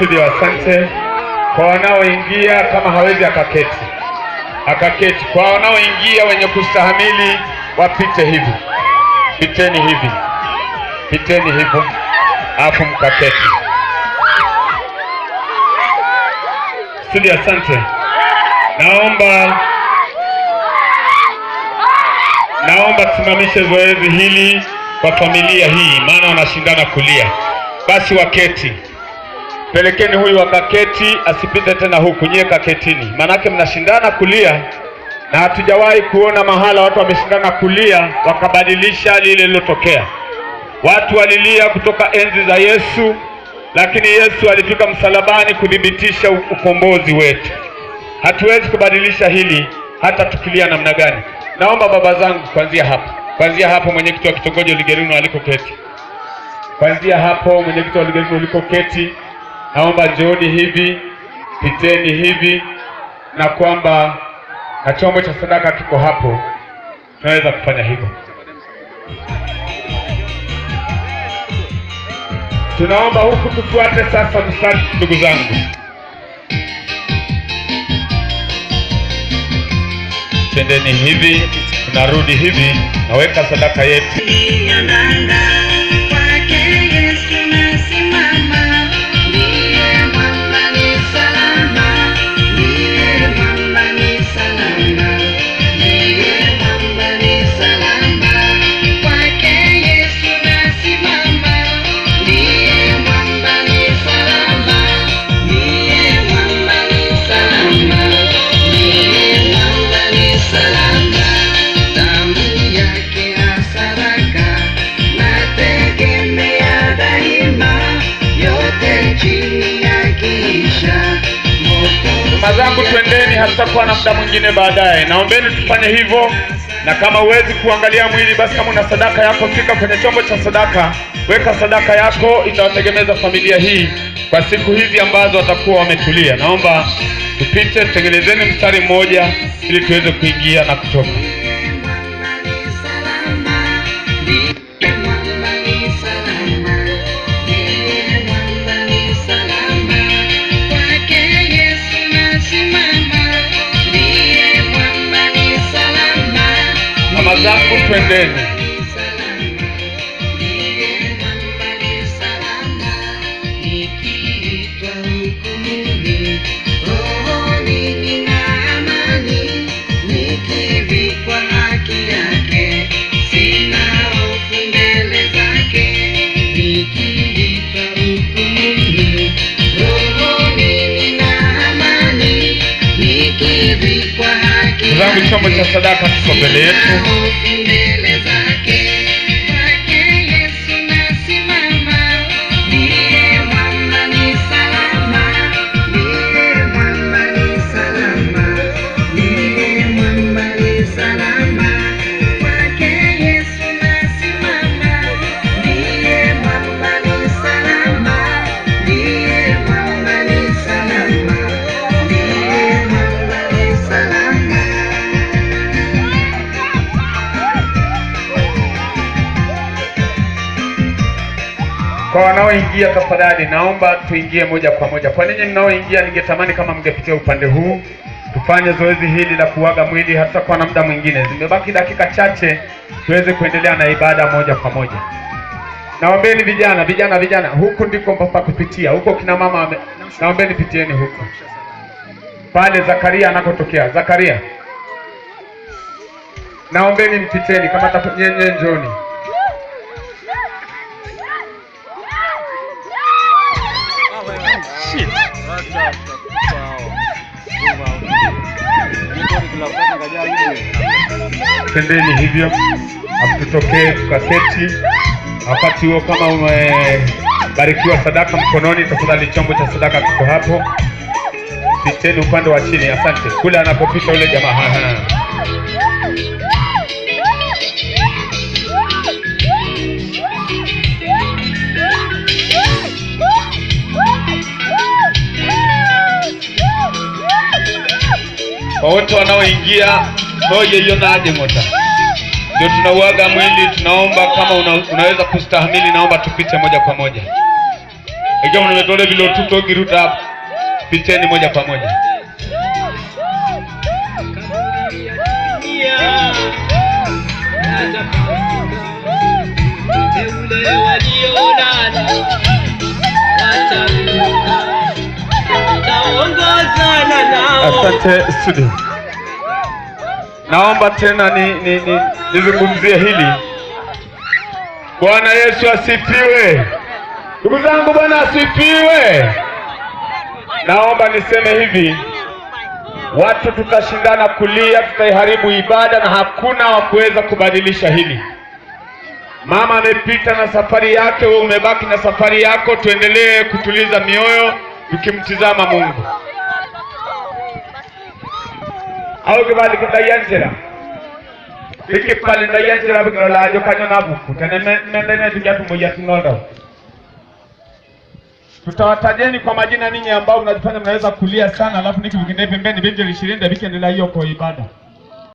studio, asante. Kwa wanaoingia, kama hawezi akaketi, akaketi. Kwa wanaoingia wenye kustahamili wapite hivi, piteni hivi, piteni hivyo, afu mkaketi. Studio, asante. Naomba naomba tusimamishe zoezi hili kwa familia hii, maana wanashindana kulia. Basi waketi pelekeni huyu akaketi, asipite tena huku, nyie kaketini. Maanake mnashindana kulia, na hatujawahi kuona mahala watu wameshindana kulia wakabadilisha lile lilotokea. Watu walilia kutoka enzi za Yesu, lakini Yesu alifika msalabani kuthibitisha ukombozi wetu. Hatuwezi kubadilisha hili hata tukilia namna gani. Naomba baba zangu, kuanzia hapa, kuanzia hapo mwenyekiti wa kitongoji Ligerino alikoketi, kuanzia hapo mwenyekiti wa Ligerino ulikoketi naomba njooni hivi, piteni hivi, na kwamba na chombo cha sadaka kiko hapo, tunaweza kufanya hivyo. Tunaomba huku tufuate sasa mstari, ndugu zangu, tendeni hivi, tunarudi hivi, naweka sadaka yetu zangu, twendeni, hatutakuwa na muda mwingine baadaye. Naombeni tufanye hivyo, na kama huwezi kuangalia mwili, basi kama una sadaka yako, fika kwenye chombo cha sadaka, weka sadaka yako, itawategemeza familia hii kwa siku hizi ambazo watakuwa wametulia. Naomba tupite, tutengenezeni mstari mmoja ili tuweze kuingia na kutoka. Mercedes. Причому ця садака з побелетку. Kwa wanaoingia tafadhali, naomba tuingie moja kwa moja. Kwa ninyi mnaoingia, ningetamani kama mngepitia upande huu tufanye zoezi hili la kuaga mwili hata kwa namda mwingine. Zimebaki dakika chache tuweze kuendelea na ibada moja kwa moja. Naombeni vijana, vijana, vijana, huku ndiko mpaka kupitia huko. Kina mama, naombeni pitieni huko pale Zakaria anakotokea. Zakaria, naombeni mpiteni kama tafanyeni njoni tendeni hivyo, atutokee tukaketi. Wakati huo kama umebarikiwa sadaka mkononi, tafadhali chombo cha sadaka kiko hapo, piteni upande wa chini. Asante, kule anapopita ule jamaa. kwa wote wanaoingia hoyo hiyo na ndio tunauaga mwili. Tunaomba kama una, unaweza kustahimili, naomba tupite moja kwa moja. Ikiwa mnametole vilotuto giruta, piteni moja kwa moja. Asante studio. Naomba tena nizungumzie ni, ni, hili. Bwana Yesu asifiwe. Ndugu zangu, Bwana asifiwe. Naomba niseme hivi, watu tukashindana kulia, tutaiharibu ibada na hakuna wa kuweza kubadilisha hili. Mama amepita na safari yake, wewe umebaki na safari yako. Tuendelee kutuliza mioyo tukimtizama Mungu awɓe wallikinɗo yantira ɓe kippalle ɗo yantiraɓe tene men ɗenede jattumo tutawatajeni kwa majina ninyi ambao mnajifanya mnaweza kulia sana alafu niki mkindepe pembeni benjo ishirini ndio hiyo kwa ibada